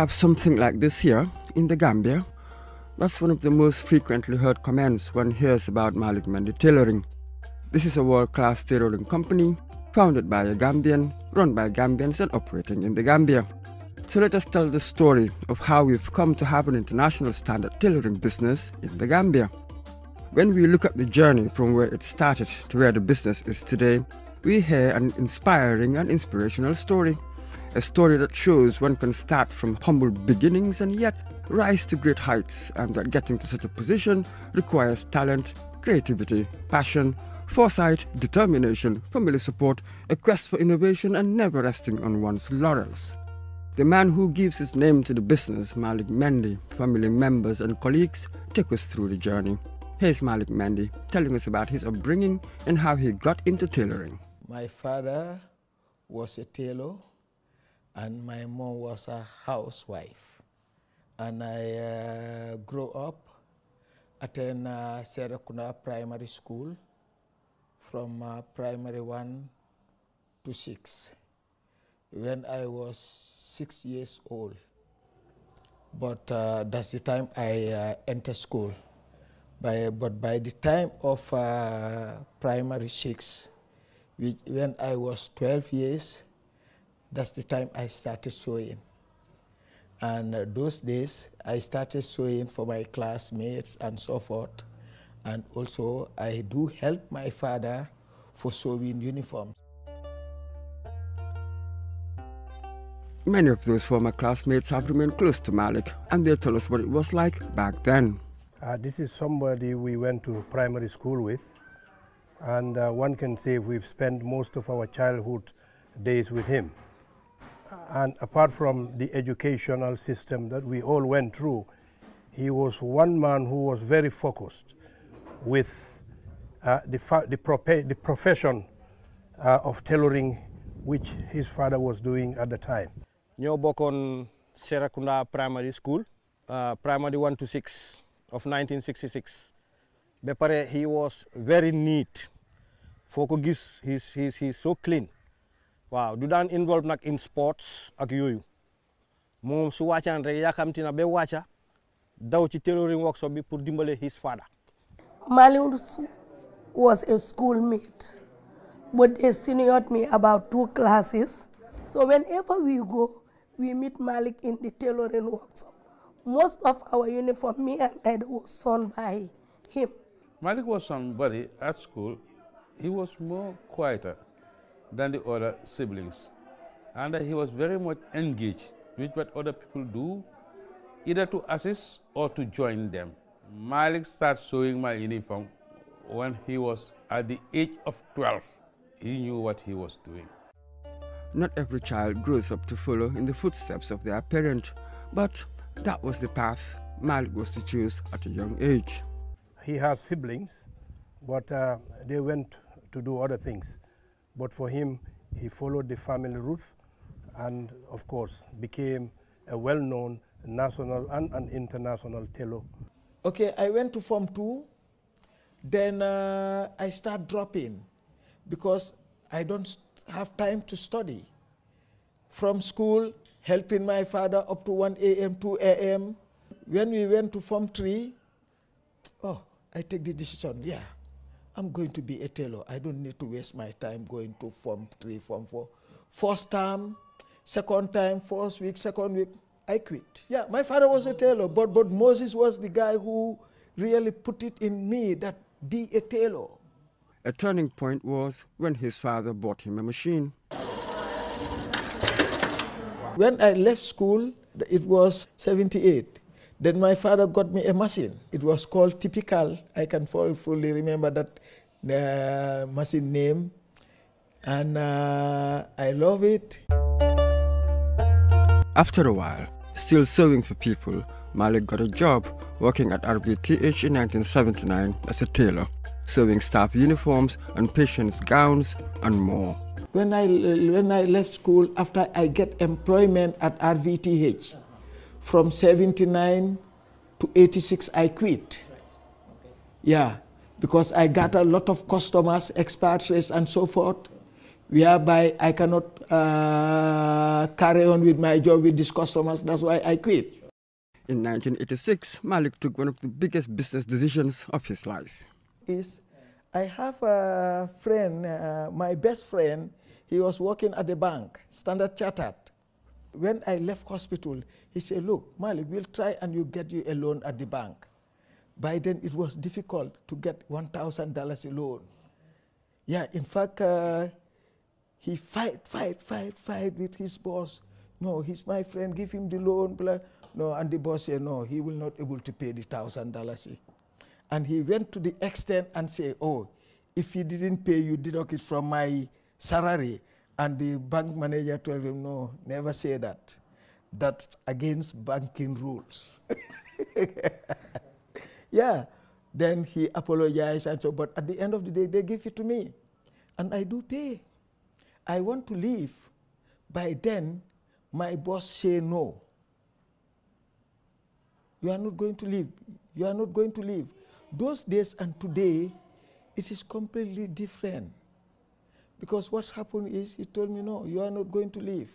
have something like this here in the Gambia. That's one of the most frequently heard comments one hears about Malik Mendy Tailoring. This is a world-class tailoring company founded by a Gambian, run by Gambians and operating in the Gambia. So let us tell the story of how we've come to have an international standard tailoring business in the Gambia. When we look at the journey from where it started to where the business is today, we hear an inspiring and inspirational story a story that shows one can start from humble beginnings and yet rise to great heights, and that getting to such a position requires talent, creativity, passion, foresight, determination, family support, a quest for innovation, and never resting on one's laurels. The man who gives his name to the business, Malik Mendy, family members and colleagues, take us through the journey. Here's Malik Mendy telling us about his upbringing and how he got into tailoring. My father was a tailor and my mom was a housewife. And I uh, grew up, attend uh, Serakuna Primary School from uh, primary one to six when I was six years old. But uh, that's the time I uh, school. By, but by the time of uh, primary six, which, when I was 12 years, that's the time I started sewing. And uh, those days, I started sewing for my classmates and so forth. And also, I do help my father for sewing uniforms. Many of those former classmates have remained close to Malik, and they tell us what it was like back then. Uh, this is somebody we went to primary school with, and uh, one can say we've spent most of our childhood days with him and apart from the educational system that we all went through, he was one man who was very focused with uh, the, the, the, profession uh, of tailoring which his father was doing at the time. ñoo bokkoon Serekunda primary school uh, primary 1 to 6 of 1966 ba pare he was very neat foo he's, he's, he's so clean waaw du daan involve nag in sports ak yooyu moom su wàccaan rek yaakamti na ba wàcca daw ci tailoring workshop bi pour dimbale his father. Maliu was a schoolmate but they seniored me about two classes so whenever we go we meet Malik in the tailoring workshop most of our uniform me and Ed was sewn by him. Malik was somebody at school he was more quieter than the other siblings. And he was very much engaged with what other people do, either to assist or to join them. Malik started sewing my uniform when he was at the age of 12. He knew what he was doing. Not every child grows up to follow in the footsteps of their parent, but that was the path Malik was to choose at a young age. He has siblings, but uh, they went to do other things. But for him, he followed the family route and, of course, became a well-known national and an international tailor. Okay, I went to Form 2. Then uh, I start dropping because I don't have time to study. From school, helping my father up to 1 a.m., 2 a.m. When we went to Form 3, oh, I take the decision, yeah. I'm going to be a tailor. I don't need to waste my time going to form three, form four. First time, second time, first week, second week, I quit. Yeah, my father was a tailor, but, but Moses was the guy who really put it in me that be a tailor. A turning point was when his father bought him a machine. When I left school, it was 78. Then my father got me a machine. It was called Typical. I can fully remember that uh, machine name. And uh, I love it. After a while, still sewing for people, Malik got a job working at RVTH in 1979 as a tailor, sewing staff uniforms and patients' gowns and more. When I, when I left school, after I get employment at RVTH, from 79 to 86, I quit. Right. Okay. Yeah, because I got a lot of customers, expatriates, and so forth, whereby I cannot uh, carry on with my job with these customers. That's why I quit. In 1986, Malik took one of the biggest business decisions of his life. Is I have a friend, uh, my best friend, he was working at the bank, Standard Chartered. When I left hospital, he said, look, Malik, we'll try and you get you a loan at the bank. By then, it was difficult to get $1,000 loan. Yeah, in fact, uh, he fight, fight, fight, fight with his boss. No, he's my friend, give him the loan. Blah. No, and the boss said, no, he will not able to pay the $1,000. And he went to the extent and said, oh, if he didn't pay you, deduct it from my salary, and the bank manager told him, no, never say that. That's against banking rules. yeah. Then he apologized and so, but at the end of the day, they give it to me. And I do pay. I want to leave. By then, my boss say no. You are not going to leave. You are not going to leave. Those days and today, it is completely different. Because what happened is he told me, no, you are not going to leave.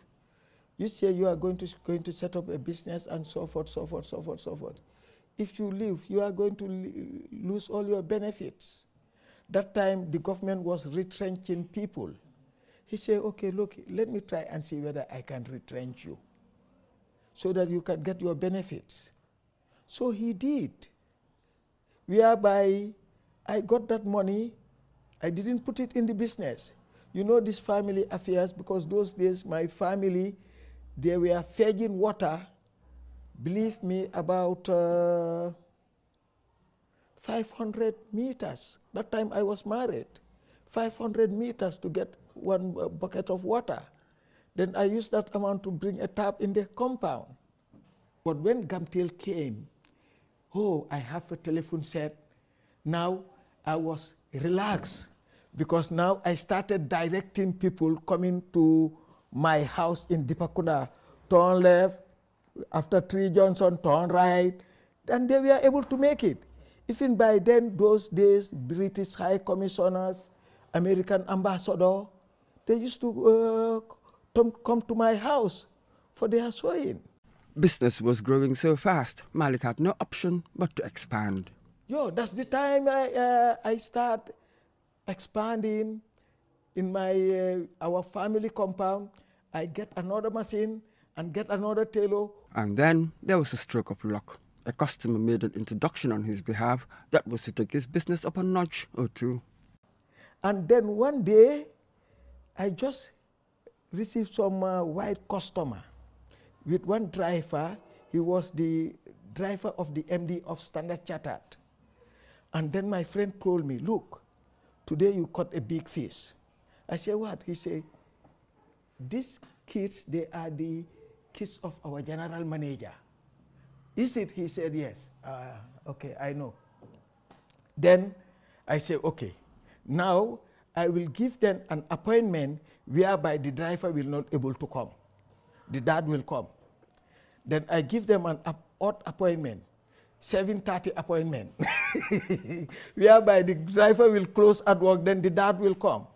You say you are going to, going to set up a business and so forth, so forth, so forth, so forth. If you leave, you are going to lose all your benefits. That time, the government was retrenching people. He said, okay, look, let me try and see whether I can retrench you so that you can get your benefits. So he did, whereby I got that money. I didn't put it in the business. You know this family affairs because those days my family, they were fetching water, believe me, about uh, 500 meters. That time I was married. 500 meters to get one uh, bucket of water. Then I used that amount to bring a tap in the compound. But when Gamtil came, oh, I have a telephone set. Now I was relaxed because now I started directing people coming to my house in Dipakuna, turn left, after Tree Johnson, turn right, and they were able to make it. Even by then, those days, British high commissioners, American ambassador, they used to uh, come to my house for their sewing. Business was growing so fast, Malik had no option but to expand. Yo, that's the time I, uh, I start expanding in my uh, our family compound. I get another machine and get another tailor. And then there was a stroke of luck. A customer made an introduction on his behalf that was to take his business up a notch or two. And then one day, I just received some uh, white customer with one driver. He was the driver of the MD of Standard Chartered. And then my friend told me, look, today you caught a big fish. I said, what? He said, these kids, they are the kids of our general manager. Is it? He said, yes. Uh, okay, I know. Then I said, okay, now I will give them an appointment whereby the driver will not able to come. The dad will come. Then I give them an odd appointment 7.30 appointment. Whereby the driver will close at work, then the dad will come.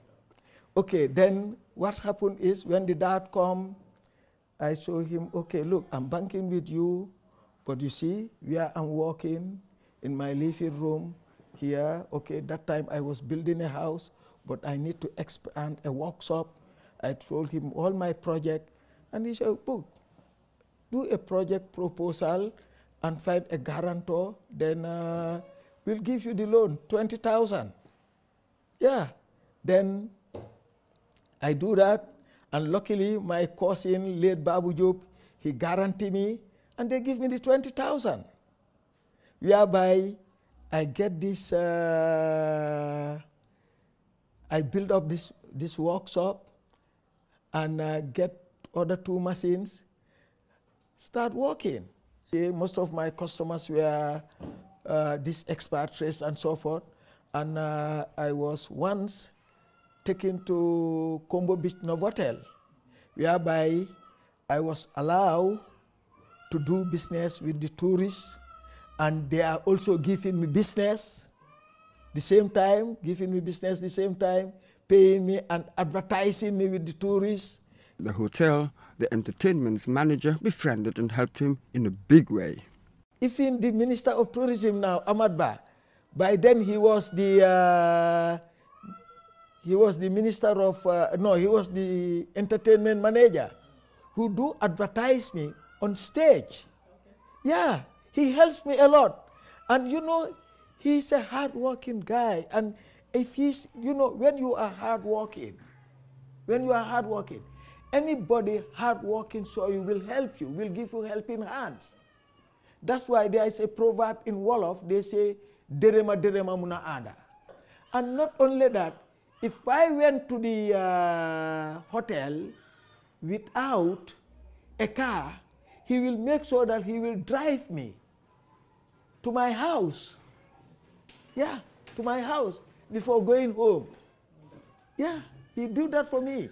Okay, then what happened is when the dad come, I show him, okay, look, I'm banking with you, but you see, where I'm walking in my living room here, okay, that time I was building a house, but I need to expand a workshop. I told him all my project, and he said, look, do a project proposal and find a guarantor, then uh, we'll give you the loan, 20,000. Yeah, then I do that. And luckily, my cousin, late Babu Job, he guaranteed me, and they give me the 20,000. Whereby I get this, uh, I build up this, this workshop and uh, get other two machines, start working. Most of my customers were uh, these expatriates and so forth. And uh, I was once taken to Combo Beach Novotel, whereby I was allowed to do business with the tourists, and they are also giving me business the same time, giving me business the same time, paying me and advertising me with the tourists. The hotel the entertainment's manager befriended and helped him in a big way. Even the Minister of Tourism now, Ahmad Ba, by then he was the uh, he was the Minister of uh, no, he was the entertainment manager who do advertise me on stage. Yeah, he helps me a lot, and you know, he's a hardworking guy. And if he's, you know, when you are hardworking, when you are hardworking, Anybody hardworking so you will help you, will give you helping hands. That's why there is a proverb in Wolof, they say, derema derema muna ada. And not only that, if I went to the uh, hotel without a car, he will make sure that he will drive me to my house. Yeah, to my house before going home. Yeah, he do that for me.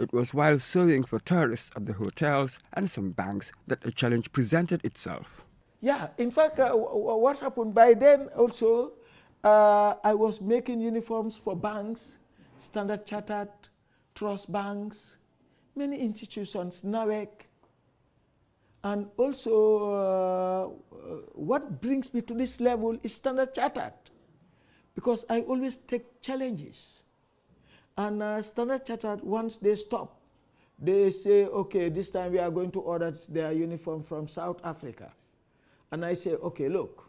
It was while surveying for tourists at the hotels and some banks that a challenge presented itself. Yeah, in fact, uh, what happened by then also, uh, I was making uniforms for banks, Standard Chartered, Trust Banks, many institutions, NAWEC. And also, uh, what brings me to this level is Standard Chartered, because I always take challenges. And uh, Standard Chartered, once they stop, they say, okay, this time we are going to order their uniform from South Africa. And I say, okay, look,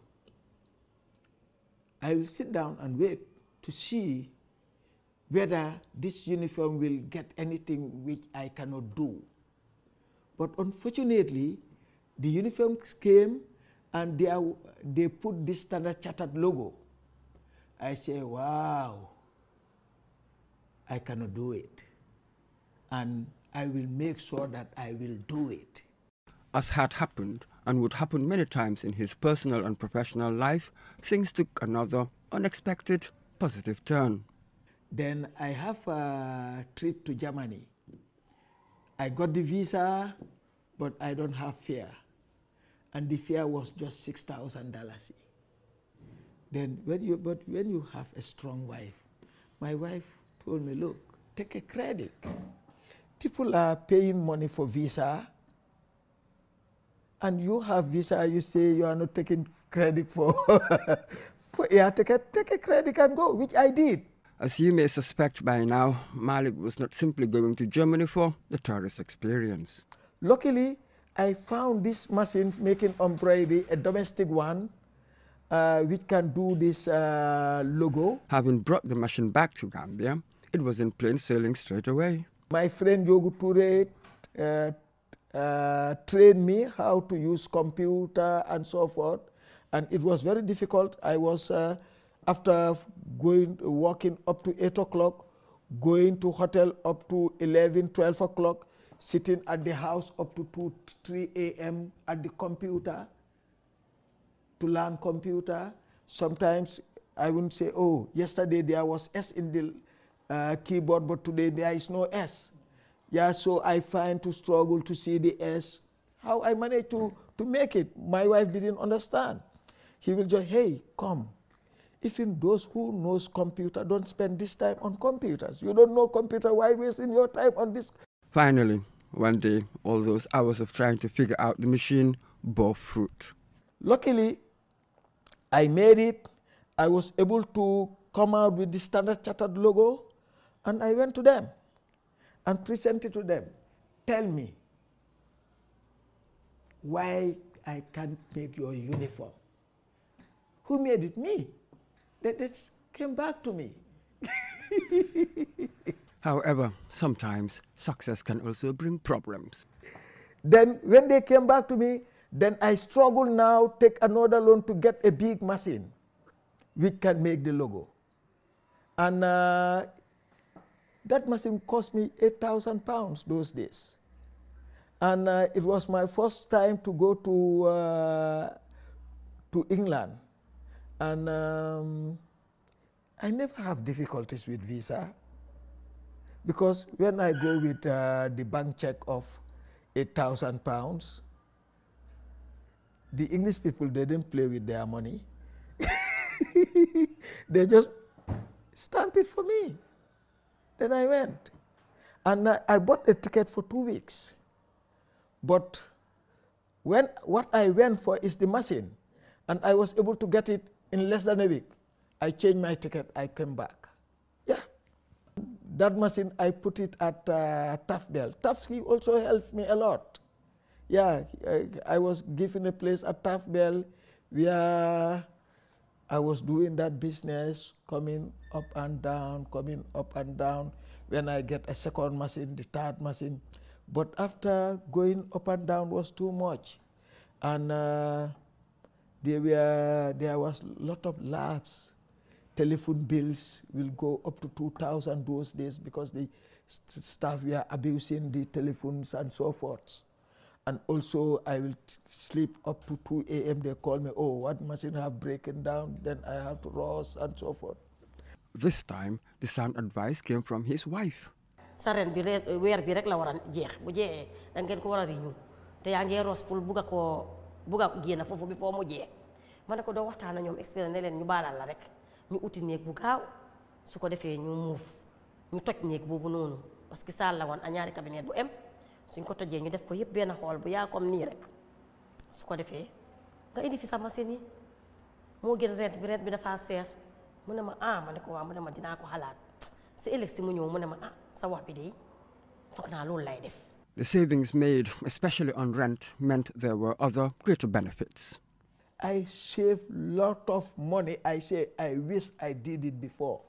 I will sit down and wait to see whether this uniform will get anything which I cannot do. But unfortunately, the uniforms came and they, are, they put this Standard Chartered logo. I say, wow, I cannot do it. And I will make sure that I will do it. As had happened and would happen many times in his personal and professional life, things took another unexpected positive turn. Then I have a trip to Germany. I got the visa, but I don't have fare. And the fare was just $6,000. Then when you, but when you have a strong wife, my wife told me, look, take a credit. People are paying money for visa, and you have visa, you say you are not taking credit for, for air ticket, take a credit and go, which I did. As you may suspect by now, Malik was not simply going to Germany for the tourist experience. Luckily, I found this machine making embroidery, a domestic one, uh, which can do this uh, logo. Having brought the machine back to Gambia, it was in plain sailing straight away. My friend Yogu Ture uh, uh, trained me how to use computer and so forth. And it was very difficult. I was, uh, after going, walking up to 8 o'clock, going to hotel up to 11, 12 o'clock, sitting at the house up to 2, 3 a.m. at the computer to learn computer. Sometimes I wouldn't say, oh, yesterday there was S in the uh, keyboard, but today there is no S. Yeah, so I find to struggle to see the S. How I managed to, to make it, my wife didn't understand. He will just, hey, come. Even those who knows computer don't spend this time on computers. You don't know computer, why wasting your time on this? Finally, one day, all those hours of trying to figure out the machine bore fruit. Luckily, I made it. I was able to come out with the Standard Chartered logo. And I went to them and presented to them, tell me why I can't make your uniform. Who made it? Me. That, that came back to me. However, sometimes success can also bring problems. Then when they came back to me, then I struggle now, take another loan to get a big machine which can make the logo. And uh, that machine cost me 8,000 pounds those days. And uh, it was my first time to go to, uh, to England. And um, I never have difficulties with visa because when I go with uh, the bank check of 8,000 pounds, the English people, they didn't play with their money. they just stamp it for me. Then I went. And I, I bought a ticket for two weeks. But when what I went for is the machine, and I was able to get it in less than a week. I changed my ticket, I came back. Yeah. That machine, I put it at uh, Tafbel. Tafski also helped me a lot. Yeah, I, I was given a place at Tafbel where I was doing that business, coming up and down, coming up and down. When I get a second machine, the third machine. But after going up and down was too much. And uh, there, were, there was a lot of laps. Telephone bills will go up to 2,000 those days because the st staff were abusing the telephones and so forth. And also, I will sleep up to 2 a.m. They call me, oh, what machine have broken down? Then I have to rush and so forth. This time, the sound advice came from his wife. bi bi rek eh, la jeex bu da ngeen ko riñu te pour bi mu jeex ko waxtaan ak expérience leen ñu la rek ñu bu gaaw su ko ñu ñu toj parce que la a ñaari cabinet bu suñ ko tojee ñu def ko yëpp benn xool bu yaa comme nii rek su ko defee nga indi fi sa machine yi moo gën rent bi rent bi dafaa mu ne ma ah ma ne ko mu ne ma dinaa ko xalaat mu ñëw mu ne ma ah sa wax bi foog naa loolu lay def. The savings made, especially on rent, meant there were other greater benefits. I save lot of money. I say I wish I did it before,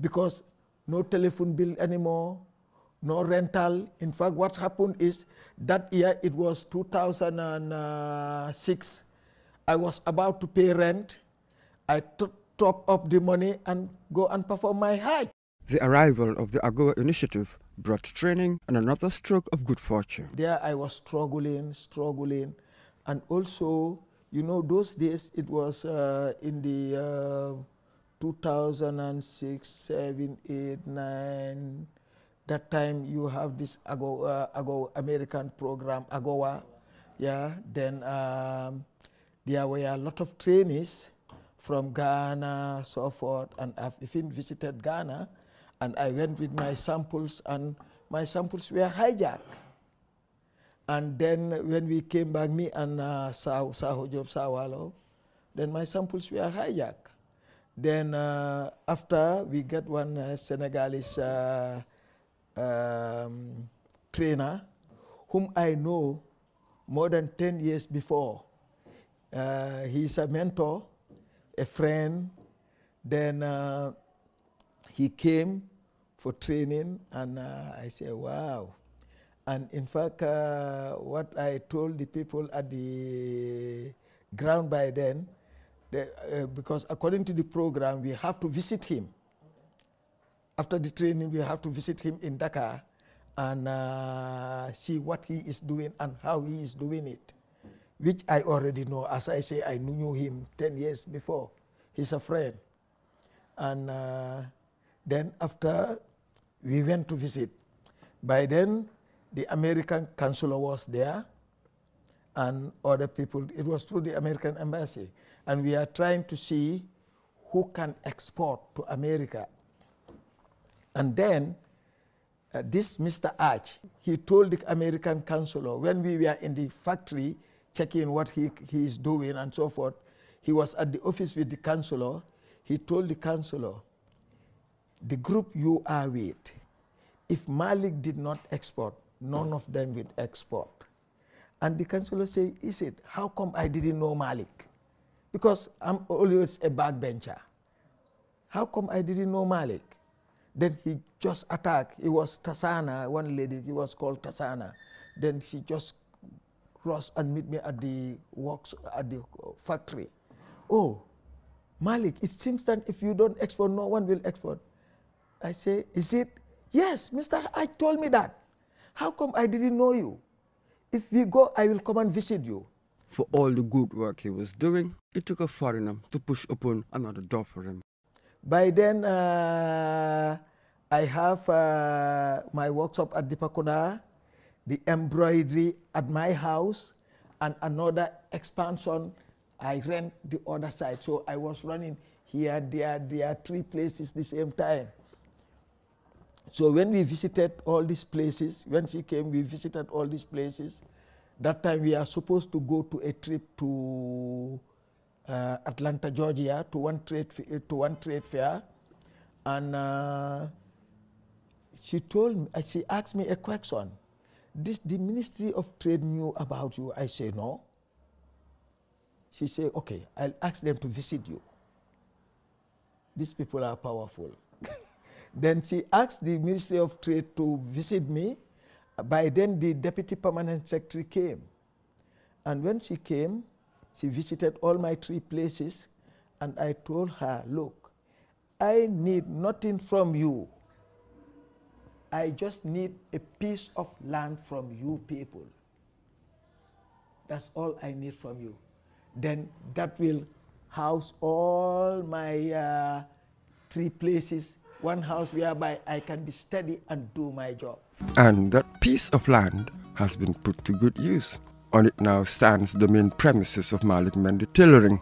because no telephone bill anymore, no rental. In fact, what happened is that year, it was 2006, I was about to pay rent. I top up the money and go and perform my hike. The arrival of the AGOA initiative brought training and another stroke of good fortune. There I was struggling, struggling. And also, you know, those days it was uh, in the uh, 2006, 7, 8, 9, that time you have this Ago, uh, Ago American program, AGOA. Yeah, then um, there were a lot of trainees from Ghana, so forth, and I've even visited Ghana, and I went with my samples, and my samples were hijacked. And then when we came back, me and uh, Sao, Sao Job Sawalo, then my samples were hijacked. Then uh, after we got one uh, Senegalese uh, um, trainer whom I know more than 10 years before. Uh, he's a mentor, a friend. Then uh, he came for training, and uh, I said, wow. And in fact, uh, what I told the people at the ground by then, uh, because according to the program, we have to visit him. After the training, we have to visit him in Dakar and uh, see what he is doing and how he is doing it, which I already know. As I say, I knew him 10 years before. He's a friend. And uh, then after we went to visit, by then the American consular was there and other people. It was through the American embassy. And we are trying to see who can export to America and then uh, this Mr. Arch, he told the American counselor when we were in the factory checking what he, he is doing and so forth, he was at the office with the counselor. He told the counselor, the group you are with, if Malik did not export, none of them would export. And the counselor said, is it, how come I didn't know Malik? Because I'm always a backbencher. How come I didn't know Malik? Then he just attacked. It was Tasana, one lady, he was called Tasana. Then she just crossed and meet me at the works, at the factory. Oh, Malik, it seems that if you don't export, no one will export. I say, is it? Yes, Mr. I told me that. How come I didn't know you? If we go, I will come and visit you. For all the good work he was doing, it took a foreigner to push open another door for him. By then, uh, I have uh, my workshop at Dipakuna, the embroidery at my house, and another expansion. I rent the other side. So I was running here, there, there, three places the same time. So when we visited all these places, when she came, we visited all these places. That time we are supposed to go to a trip to uh, Atlanta, Georgia, to one trade to one trade fair, and uh, she told me, uh, she asked me a question. This the Ministry of Trade knew about you. I say no. She said, okay, I'll ask them to visit you. These people are powerful. then she asked the Ministry of Trade to visit me. By then, the Deputy Permanent Secretary came. And when she came, she visited all my three places, and I told her, Look, I need nothing from you. I just need a piece of land from you people. That's all I need from you. Then that will house all my uh, three places, one house whereby I can be steady and do my job. And that piece of land has been put to good use. On it now stands the main premises of Malik Mendy Tailoring.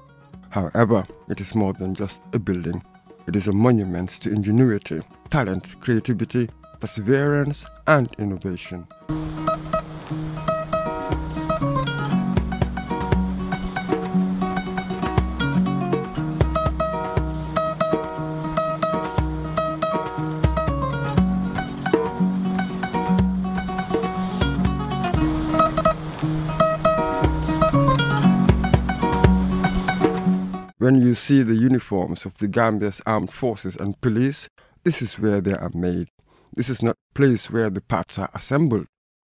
However, it is more than just a building. It is a monument to ingenuity, talent, creativity, perseverance, and innovation. see the uniforms of the Gambia's armed forces and police, this is where they are made. This is not a place where the parts are assembled.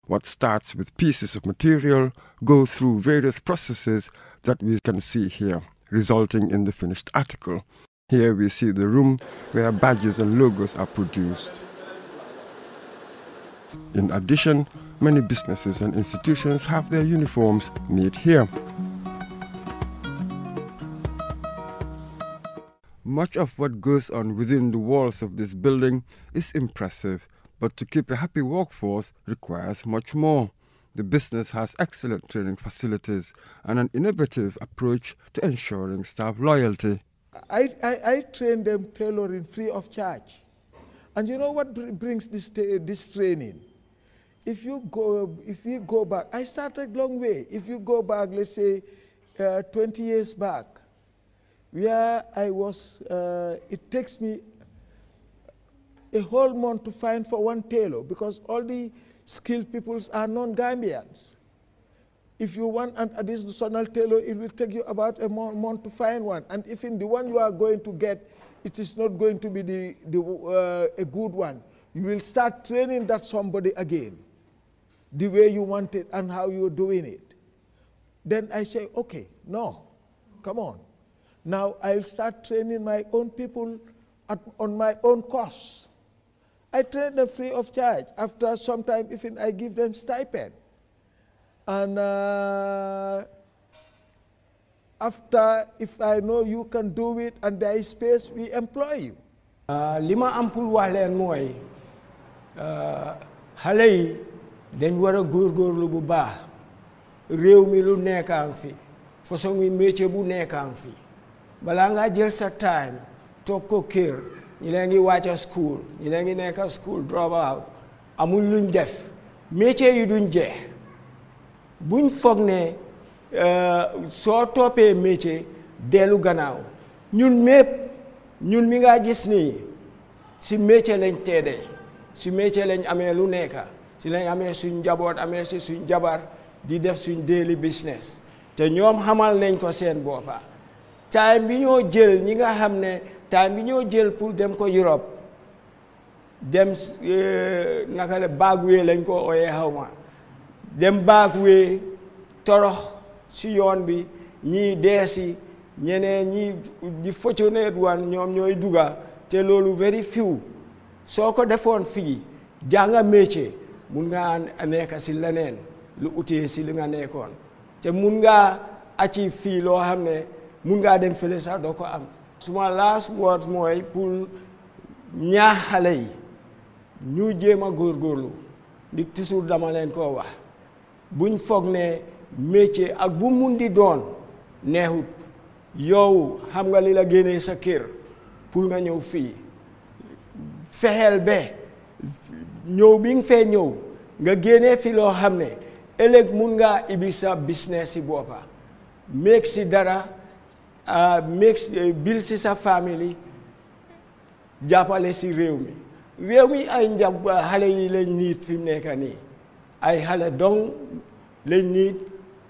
What starts with pieces of material go through various processes that we can see here, resulting in the finished article. Here we see the room where badges and logos are produced. In addition, many businesses and institutions have their uniforms made here. Much of what goes on within the walls of this building is impressive, but to keep a happy workforce requires much more. The business has excellent training facilities and an innovative approach to ensuring staff loyalty. I, I, I train them tailoring free of charge. And you know what brings this, this training? If you, go, if you go back, I started long way. If you go back, let's say uh, 20 years back, where I was, uh, it takes me a whole month to find for one tailor because all the skilled peoples are non-Gambians. If you want an additional tailor, it will take you about a month to find one. And if in the one you are going to get, it is not going to be the, the, uh, a good one, you will start training that somebody again, the way you want it and how you're doing it. Then I say, okay, no, come on. Now I'll start training my own people at, on my own course. I train them free of charge. After some time, even I give them stipend. And uh, after, if I know you can do it and there is space, we employ you. Uh, lima ampul am pour halay leen mooy xale uh, yi dañ war a góorgóorlu bu baax réew mi lu nekkaan fi façon métier bu nekkaan fi balaa ngaa jël sa time toog ko kër ñu ngi wàcca school ñu ngi nekka school drop out amuñ luñ def métier yu duñ jeex buñ foog ne euh, soo toppee métier delu gannaaw ñun mépp ñun mi ngaa jis nii si métier lañ teedee si métier lañ amee lu nekka si lañ amee suñ njaboot amee si suñ jabar di def suñ daily business te ñoom xamal nañ ko seen boppa time bi ñoo jël ñi nga xam ne time bi ñoo jël pour dem ko Europe dem eh, naka la baaguwee lañ ko ooyee xaw ma dem baaguwee torox si yoon bi ñii deesi ñeneen ñi di fortunate one ñoom ñooy duga te loolu very few soo ko defoon fii jànga métier mun ngaa nekk si leneen lu utee si li nga nekkoon te mun ngaa achieve fii loo xam ne mun ngaa dem fële sax doo ko am suma last word mooy pour ñaax xale yi ñu jéem a góorgóorlu di toujours dama leen koo wax buñ foog nee métier ak bu mun di doon neexut yow xam nga li la génnee sa kër pour nga ñëw fii fexeel ba ñëw bi nga fee ñëw nga génnee fi loo xam ne ëllëg mun ngaa ibi sa business si boppa meeg si dara uh, makes si sa family jàppale si réew mi réew mi ay njab xale yi lañ niit fi mu nekk nii ay xale dong lañ niit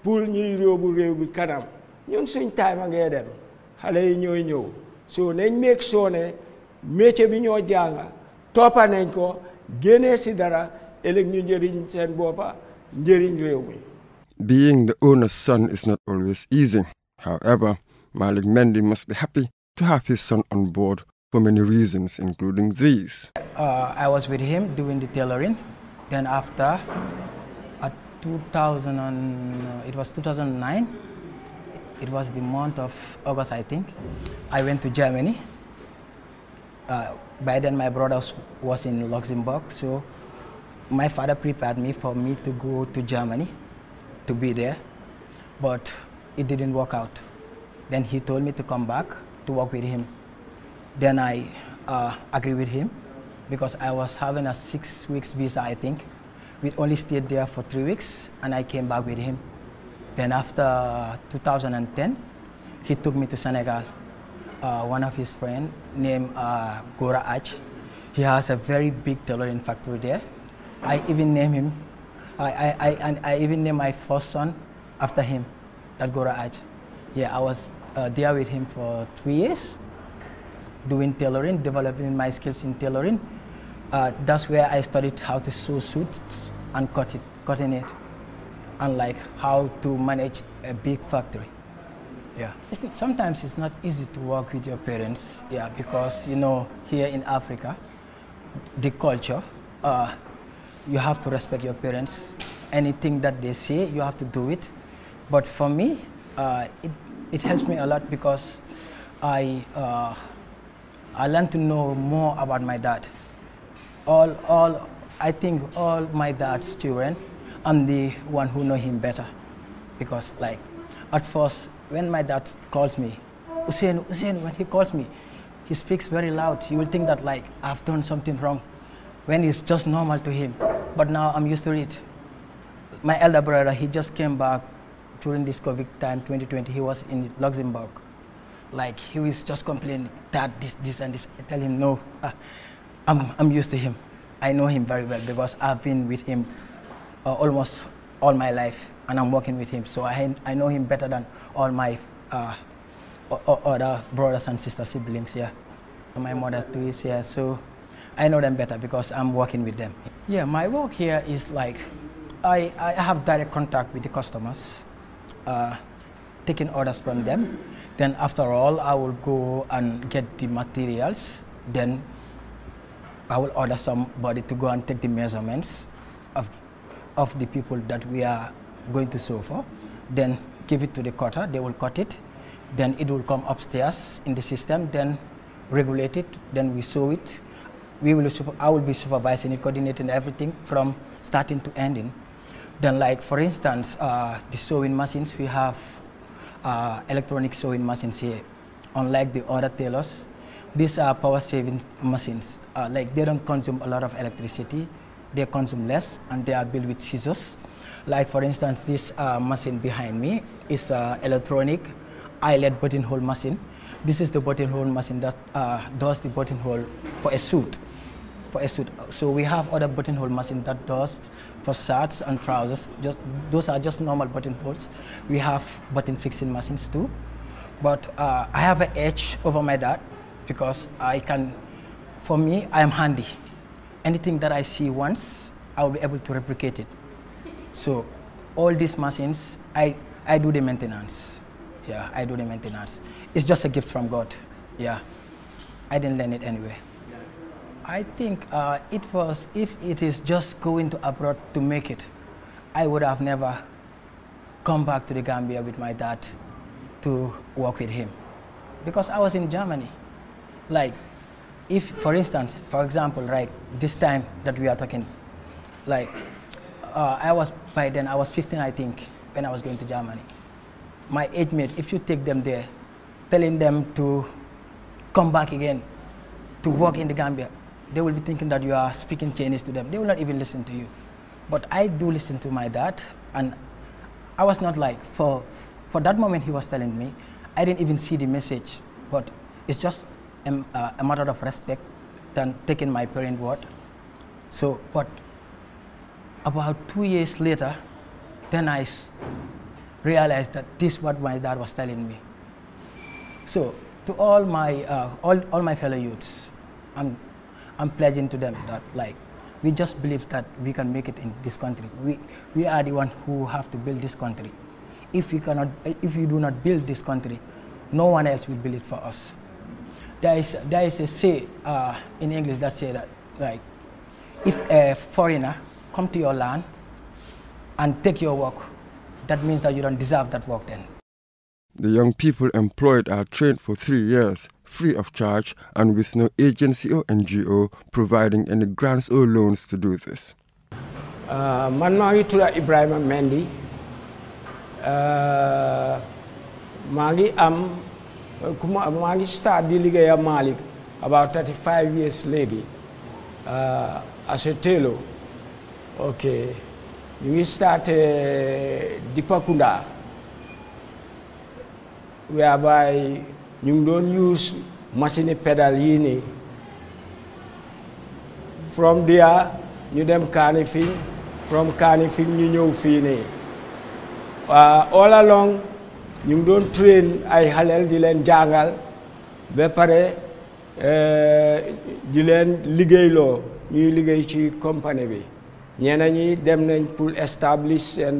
pour ñuy yóbbu réew mi kanam ñun suñ taay ma ngee dem xale yi ñooy ñëw so nañ make sure ne bi ñoo jànga toppa nañ ko génnee si dara ëllëg ñu njëriñ seen boppa njëriñ réew mi Being the owner's son is not always easy. However, Malik Mendy must be happy to have his son on board for many reasons, including these. Uh, I was with him doing the tailoring. Then after, at uh, 2000, and, uh, it was 2009, it was the month of August, I think. I went to Germany. Uh, by then, my brother was in Luxembourg, so my father prepared me for me to go to Germany to be there, but it didn't work out. Then he told me to come back to work with him. Then I uh, agreed with him because I was having a six weeks visa, I think. We only stayed there for three weeks and I came back with him. Then after 2010, he took me to Senegal. Uh, one of his friends named uh, Gora Ach, he has a very big tailoring factory there. I even named him, I, I, I, and I even named my first son after him, that Gora Ach. Yeah, I was uh, there with him for three years, doing tailoring, developing my skills in tailoring. Uh, that's where I studied how to sew suits and cut it, cutting it, and like how to manage a big factory. Yeah. It's sometimes it's not easy to work with your parents, yeah, because you know here in Africa, the culture, uh, you have to respect your parents. Anything that they say, you have to do it. But for me, uh, it it helps me a lot because I uh, I learned to know more about my dad. All all I think all my dad's children, I'm the one who know him better, because like at first when my dad calls me, Usain Usain when he calls me, he speaks very loud. You will think that like I've done something wrong, when it's just normal to him. But now I'm used to it. My elder brother he just came back during this COVID time, 2020, he was in Luxembourg. Like he was just complaining that this, this, and this. I tell him no. Uh, I'm, I'm used to him. I know him very well because I've been with him uh, almost all my life, and I'm working with him. So I, I know him better than all my uh, other brothers and sister siblings. Yeah, my mother too is here, so I know them better because I'm working with them. Yeah, my work here is like I, I have direct contact with the customers uh, taking orders from them. Then after all, I will go and get the materials. Then I will order somebody to go and take the measurements of, of the people that we are going to sew for. Then give it to the cutter, they will cut it. Then it will come upstairs in the system, then regulate it, then we sew it. We will, I will be supervising it, coordinating everything from starting to ending. Then like, for instance, uh, the sewing machines, we have uh, electronic sewing machines here. Unlike the other tailors, these are power-saving machines. Uh, like, they don't consume a lot of electricity. They consume less, and they are built with scissors. Like, for instance, this uh, machine behind me is an electronic eyelet buttonhole machine. This is the buttonhole machine that uh, does the buttonhole for a suit for a suit. So we have other buttonhole machine that does for shirts and trousers. Just those are just normal buttonholes. We have button fixing machines too. But uh, I have an edge over my dad because I can, for me, I am handy. Anything that I see once, I will be able to replicate it. So all these machines, I, I do the maintenance. Yeah, I do the maintenance. It's just a gift from God. Yeah. I didn't learn it anyway. I think uh, it was, if it is just going to abroad to make it, I would have never come back to the Gambia with my dad to work with him. Because I was in Germany. Like, if, for instance, for example, right, this time that we are talking, like, uh, I was, by then, I was 15, I think, when I was going to Germany. My age mate, if you take them there, telling them to come back again, to work in the Gambia, they will be thinking that you are speaking Chinese to them. They will not even listen to you. But I do listen to my dad, and I was not like, for, for that moment he was telling me, I didn't even see the message. But it's just a, um, uh, a matter of respect than taking my parent word. So, but about two years later, then I realized that this what my dad was telling me. So, to all my, uh, all, all my fellow youths, I'm I'm pledging to them that like we just believe that we can make it in this country. We, we are the one who have to build this country. If we, cannot, if you do not build this country, no one else will build it for us. There is, there is a say uh, in English that say that, like, if a foreigner come to your land and take your work, that means that you don't deserve that work then. The young people employed are trained for three years free of charge and with no agency or NGO providing any grants or loans to do this. Uh, Man Ibrahim ngi tudd Mendy uh, maa am kuma maa start di liggéeya Malick about 35 years léegi uh, as a tailor ok ñu ngi start Dipakunda whereby ñu ngi doon use machine pédal yii nii from there ñu dem kaani fii from kaani Kanifing ñu ñëw fii nii uh, all along ñu ngi doon train ay xaleel di leen jàngal ba pare uh, di leen liggéeyloo ñuy liggéey ci compagnie bi ñeneen ñi dem nañ pour establish seen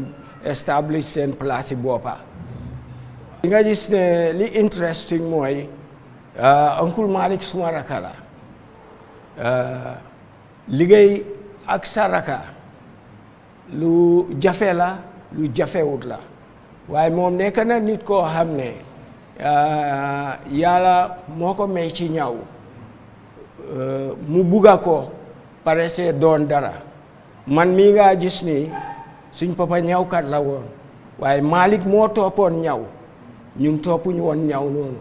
establish seen place yi boppa li gis ne li interesting mooy uh, Uncle Malik suma raka la uh, liggéey ak sa raka lu jafe la lu jafewut la waaye moom nekk na nit koo xam ne uh, yàlla moo ko may ci ñaw mu bugga ko pare see doon dara man mi nga gis nii suñ papa ñawkat la woon waaye Malik moo toppoon ñaw ñun toppuñu woon ñaw noonu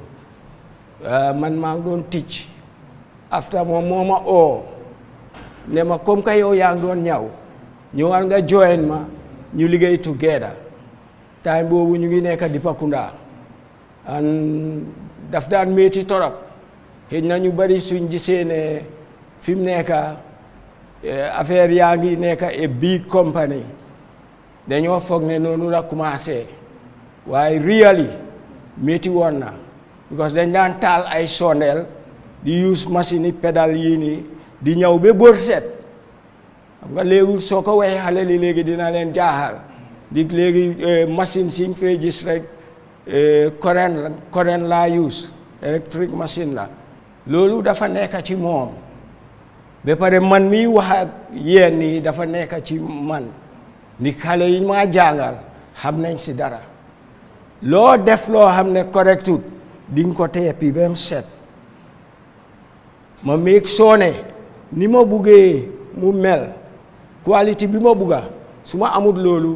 euh, man maa doon ticc after moom moo ma oo ne ma comme que yow yaa ngi doon ñaw ñëwaat nga join ma ñu liggéey together time boobu ñu ngi nekk Dipakunda an daf daan métti torop xëy na ñu bari suñ gisee ne fi mu nekk euh, affaire yaa ngi nekk a big company dañoo foog ne noonu la commencé waaye really Meti woon because dañ daan taal ay sondeel di use machine yi pédal yii nii di ñëw be borset seet xam nga léegi soo ko xale li léegi dina leen jaaxal di léegi eh, machine siñ fee gis rek eh, current current laa use electric machine la loolu dafa nekk ci moom be pare man mi wax ak yéen nii dafa nekk ci man ni xale yi maa jàngal xam nañ dara loo def loo xam ne correctul di nga ko teepi ba mu set ma make sure ne ni ma buggee mu mel qualité bi ma bugga su ma amut loolu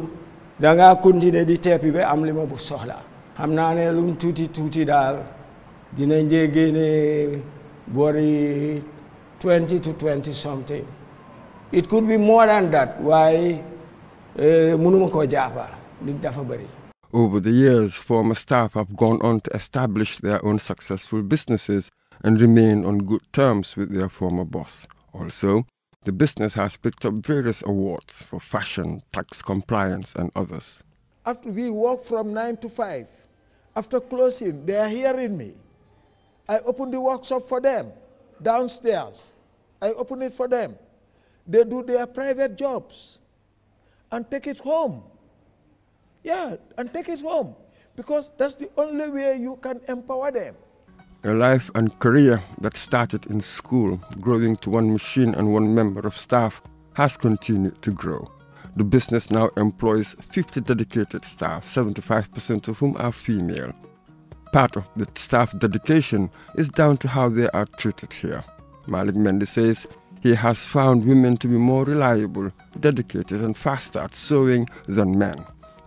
danga continuer di teepi ba am li ma bu soxla xam naa ne lu tuuti tuuti daal dina njee génne boori twenty to twenty something it could be more than that waaye eh, mënuma koo jàppa li dafa bari Over the years, former staff have gone on to establish their own successful businesses and remain on good terms with their former boss. Also, the business has picked up various awards for fashion, tax compliance, and others. After we work from 9 to 5, after closing, they are hearing me. I open the workshop for them downstairs. I open it for them. They do their private jobs and take it home. Yeah, and take it home because that's the only way you can empower them. A life and career that started in school, growing to one machine and one member of staff, has continued to grow. The business now employs 50 dedicated staff, 75% of whom are female. Part of the staff dedication is down to how they are treated here. Malik Mendy says he has found women to be more reliable, dedicated, and faster at sewing than men.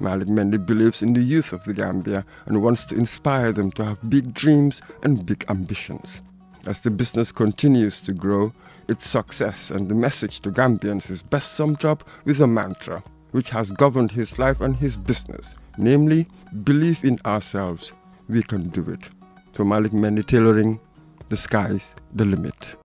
Malik Mende believes in the youth of the Gambia and wants to inspire them to have big dreams and big ambitions. As the business continues to grow, its success and the message to Gambians is best summed up with a mantra which has governed his life and his business, namely, believe in ourselves, we can do it. For Malik Mende Tailoring, the sky's the limit.